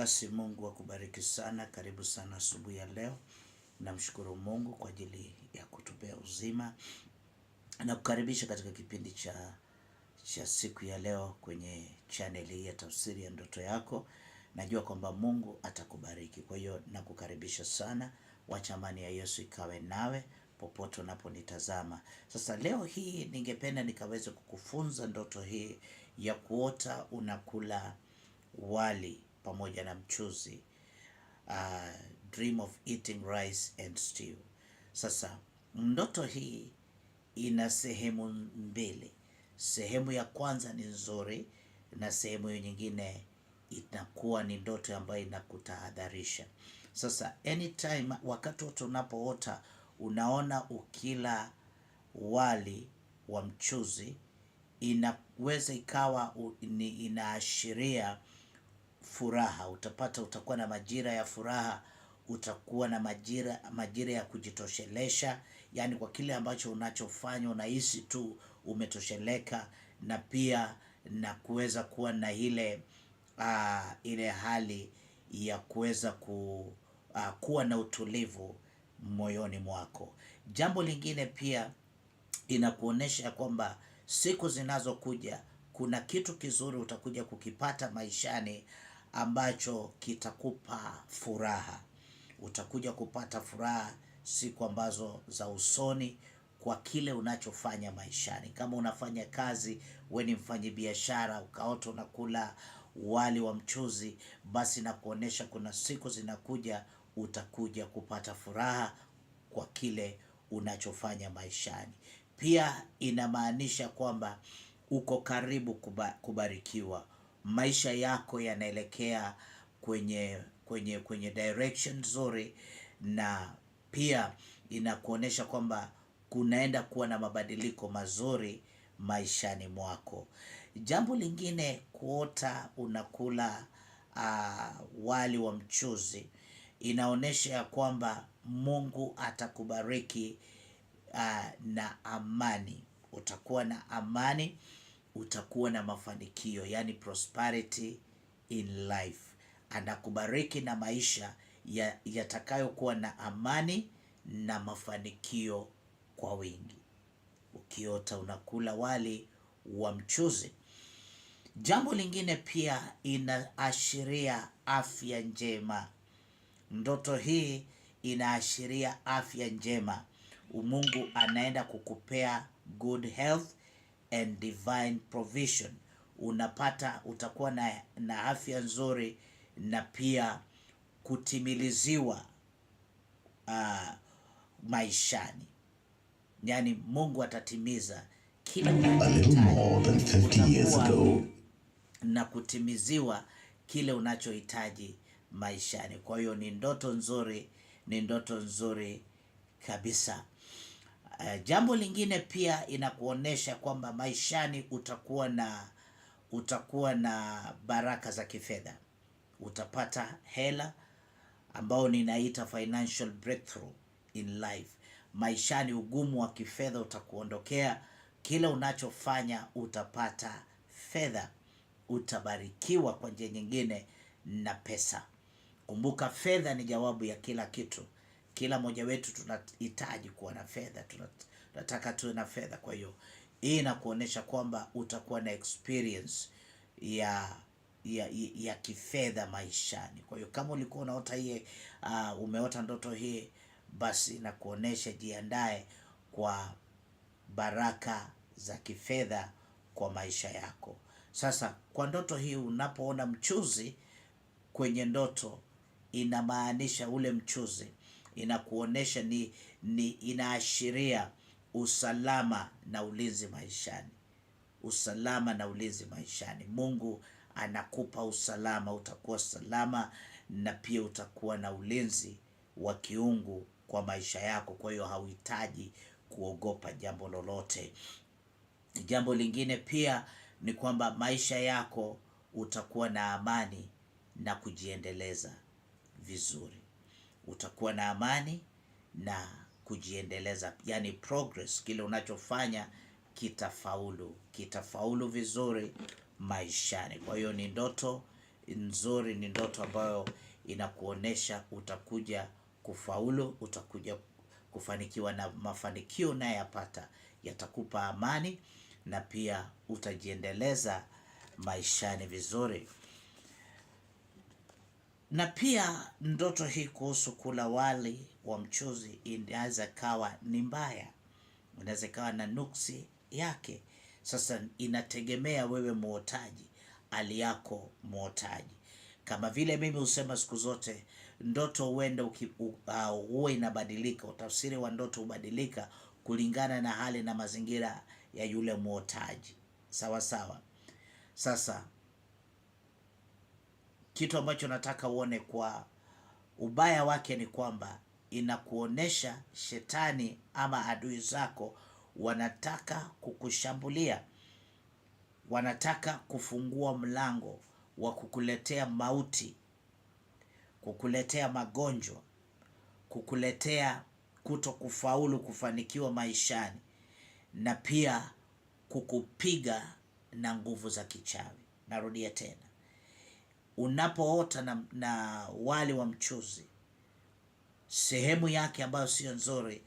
Basi Mungu akubariki sana, karibu sana asubuhi ya leo. Namshukuru Mungu kwa ajili ya kutupea uzima na kukaribisha katika kipindi cha, cha siku ya leo kwenye chaneli hii ya Tafsiri ya Ndoto Yako. Najua kwamba Mungu atakubariki, kwa hiyo nakukaribisha sana. Wacha amani ya Yesu ikawe nawe popote unaponitazama. Sasa leo hii ningependa nikaweze kukufunza ndoto hii ya kuota unakula wali pamoja na mchuzi uh, dream of eating rice and stew. Sasa ndoto hii ina sehemu mbili, sehemu ya kwanza ni nzuri na sehemu hiyo nyingine inakuwa ni ndoto ambayo inakutahadharisha. Sasa anytime, wakati wote unapoota unaona ukila wali wa mchuzi, inaweza ikawa inaashiria furaha, utapata utakuwa na majira ya furaha, utakuwa na majira, majira ya kujitoshelesha, yani kwa kile ambacho unachofanya unahisi tu umetosheleka, na pia na kuweza kuwa na ile uh, ile hali ya kuweza ku, uh, kuwa na utulivu moyoni mwako. Jambo lingine pia inakuonesha kwamba siku zinazokuja kuna kitu kizuri utakuja kukipata maishani ambacho kitakupa furaha. Utakuja kupata furaha siku ambazo za usoni kwa kile unachofanya maishani. Kama unafanya kazi, we ni mfanyi biashara, ukaota unakula wali wa mchuzi, basi na kuonesha kuna siku zinakuja utakuja kupata furaha kwa kile unachofanya maishani. Pia inamaanisha kwamba uko karibu kubarikiwa maisha yako yanaelekea kwenye, kwenye, kwenye direction nzuri, na pia inakuonyesha kwamba kunaenda kuwa na mabadiliko mazuri maishani mwako. Jambo lingine, kuota unakula uh, wali wa mchuzi inaonyesha ya kwamba Mungu atakubariki uh, na amani, utakuwa na amani utakuwa na mafanikio, yani prosperity in life. Anakubariki na maisha yatakayokuwa ya na amani na mafanikio kwa wingi. Ukiota unakula wali wa mchuzi. Jambo lingine pia inaashiria afya njema. Ndoto hii inaashiria afya njema. Mungu anaenda kukupea good health and divine provision. Unapata, utakuwa na, na afya nzuri na pia kutimiliziwa uh, maishani. Yani Mungu atatimiza kila unachohitaji na kutimiziwa kile unachohitaji maishani. Kwa hiyo ni ndoto nzuri, ni ndoto nzuri kabisa. Eh, jambo lingine pia inakuonyesha kwamba maishani utakuwa na utakuwa na baraka za kifedha, utapata hela ambao ninaita financial breakthrough in life. Maishani ugumu wa kifedha utakuondokea, kila unachofanya utapata fedha, utabarikiwa kwa njia nyingine na pesa. Kumbuka, fedha ni jawabu ya kila kitu. Kila mmoja wetu tunahitaji kuwa na fedha, tunataka tuwe na fedha. Kwa hiyo hii inakuonyesha kwamba utakuwa na experience ya ya, ya kifedha maishani. Kwa hiyo kama ulikuwa unaota hii uh, umeota ndoto hii, basi nakuonyesha jiandae kwa baraka za kifedha kwa maisha yako. Sasa kwa ndoto hii, unapoona mchuzi kwenye ndoto, inamaanisha ule mchuzi inakuonesha ni, ni inaashiria usalama na ulinzi maishani, usalama na ulinzi maishani. Mungu anakupa usalama, utakuwa salama na pia utakuwa na ulinzi wa kiungu kwa maisha yako. Kwa hiyo hauhitaji kuogopa jambo lolote. Jambo lingine pia ni kwamba maisha yako utakuwa na amani na kujiendeleza vizuri utakuwa na amani na kujiendeleza, yani progress. Kile unachofanya kitafaulu, kitafaulu vizuri maishani. Kwa hiyo ni ndoto nzuri, ni ndoto ambayo inakuonesha utakuja kufaulu, utakuja kufanikiwa na mafanikio unayoyapata yatakupa amani na pia utajiendeleza maishani vizuri na pia ndoto hii kuhusu kula wali wa mchuzi inaweza kawa ni mbaya, inaweza kawa na nuksi yake. Sasa inategemea wewe muotaji, hali yako muotaji. Kama vile mimi husema siku zote, ndoto huenda huwa inabadilika, utafsiri wa ndoto hubadilika kulingana na hali na mazingira ya yule muotaji. Sawa sawa, sasa kitu ambacho nataka uone kwa ubaya wake ni kwamba inakuonesha shetani ama adui zako wanataka kukushambulia, wanataka kufungua mlango wa kukuletea mauti, kukuletea magonjwa, kukuletea kuto kufaulu kufanikiwa maishani, na pia kukupiga na nguvu za kichawi. Narudia tena unapoota na, na wali wa mchuzi sehemu yake ambayo sio nzuri,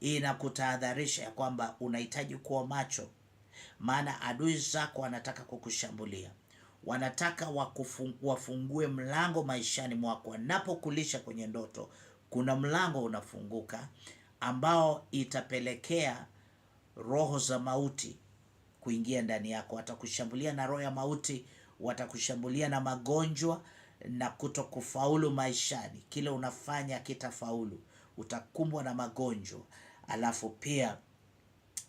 inakutahadharisha ya kwamba unahitaji kuwa macho, maana adui zako wanataka kukushambulia, wanataka wafungue mlango maishani mwako. Wanapokulisha kwenye ndoto, kuna mlango unafunguka ambao itapelekea roho za mauti kuingia ndani yako, watakushambulia na roho ya mauti watakushambulia na magonjwa na kuto kufaulu maishani. Kile unafanya kitafaulu, utakumbwa na magonjwa, alafu pia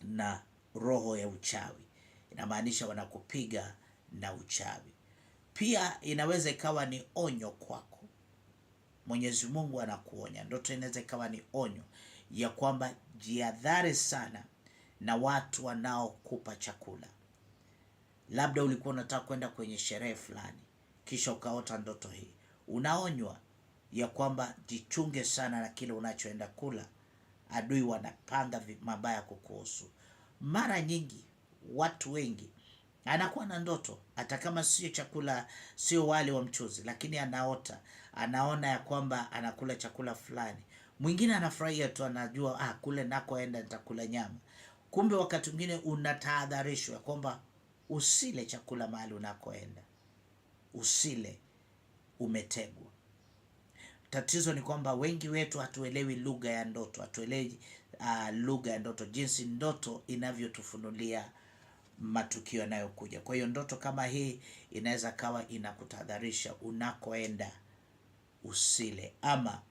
na roho ya uchawi, inamaanisha wanakupiga na uchawi. Pia inaweza ikawa ni onyo kwako. Mwenyezi Mungu anakuonya, ndoto inaweza ikawa ni onyo ya kwamba jihadhari sana na watu wanaokupa chakula. Labda ulikuwa unataka kwenda kwenye sherehe fulani, kisha ukaota ndoto hii. Unaonywa ya kwamba jichunge sana na kile unachoenda kula, adui wanapanga mabaya kukuhusu. Mara nyingi watu wengi anakuwa na ndoto, hata kama sio chakula, sio wali wa mchuzi, lakini anaota, anaona ya kwamba anakula chakula fulani. Mwingine anafurahia tu, anajua ah, kule nakoenda nitakula nyama. Kumbe wakati mwingine unatahadharishwa kwamba Usile chakula mahali unakoenda, usile, umetegwa. Tatizo ni kwamba wengi wetu hatuelewi lugha ya ndoto, hatuelewi uh, lugha ya ndoto, jinsi ndoto inavyotufunulia matukio yanayokuja. Kwa hiyo ndoto kama hii inaweza kawa inakutahadharisha unakoenda, usile ama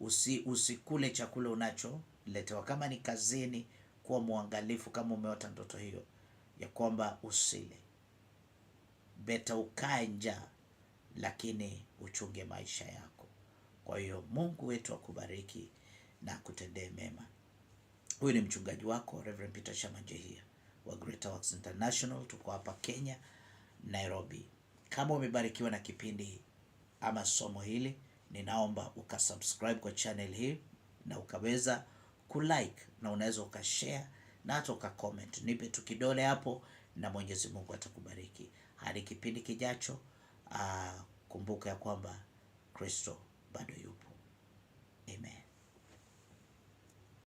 usi, usikule chakula unacholetewa. Kama ni kazini, kuwa mwangalifu kama umeota ndoto hiyo ya kwamba usile, beta ukae njaa, lakini uchunge maisha yako. Kwa hiyo Mungu wetu akubariki na kutendee mema. Huyu ni mchungaji wako Reverend Peter Shamanjehia wa Greater Works International. Tuko hapa Kenya, Nairobi. Kama umebarikiwa na kipindi ama somo hili, ninaomba ukasubscribe kwa channel hii na ukaweza kulike na unaweza ukashare nato ka comment, nipe tu kidole hapo, na Mwenyezi Mungu atakubariki. Hadi kipindi kijacho, uh, kumbuka ya kwamba Kristo bado yupo. Amen.